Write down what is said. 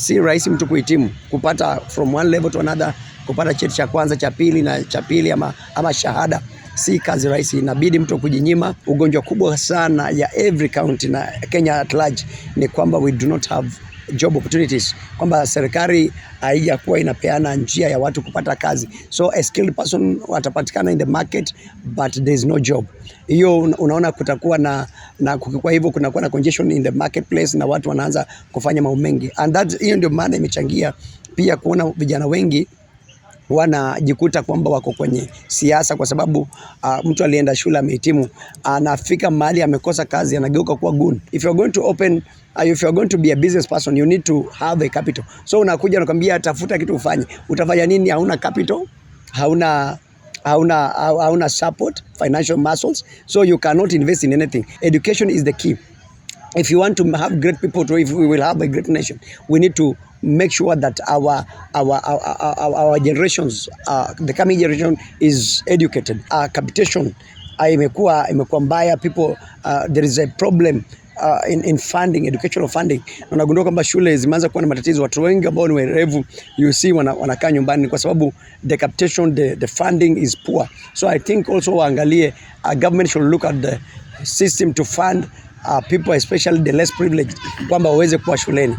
si rahisi mtu kuhitimu kupata from one level to another, kupata cheti cha kwanza cha pili na cha pili ama, ama shahada si kazi rahisi, inabidi mtu kujinyima. Ugonjwa kubwa sana ya every county na Kenya at large ni kwamba we do not have job opportunities, kwamba serikali haijakuwa inapeana njia ya watu kupata kazi, so a skilled person watapatikana in the market but there is no job. Hiyo unaona kutakuwa na na kwa hivyo kunakuwa na congestion in the marketplace na watu wanaanza kufanya mambo mengi, and that hiyo ndio maana imechangia pia kuona vijana wengi wanajikuta kwamba wako kwenye siasa kwa sababu uh, mtu alienda shule amehitimu, anafika mahali amekosa kazi, anageuka kuwa goon. If you are going to open uh, if you are going to be a business person you need to have a capital. So unakuja unakwambia tafuta kitu ufanye, utafanya nini? Hauna capital, hauna hauna, hauna support financial muscles, so you cannot invest in anything. Education is the key. If you want to have great people, to, if we will have a great nation, we need to make sure that our our our, our, our generations uh, the coming generation is educated. Our uh, capitation uh, imekuwa imekuwa mbaya people uh, there is a problem uh, in, in funding, educational funding, na unagundua kwamba shule zimeanza kuwa na matatizo. Watu wengi ambao ni werevu you see wana, wanakaa nyumbani kwa sababu the captation the, the funding is poor, so I think also waangalie uh, government should look at the system to fund uh, people especially the less privileged kwamba waweze kuwa shuleni.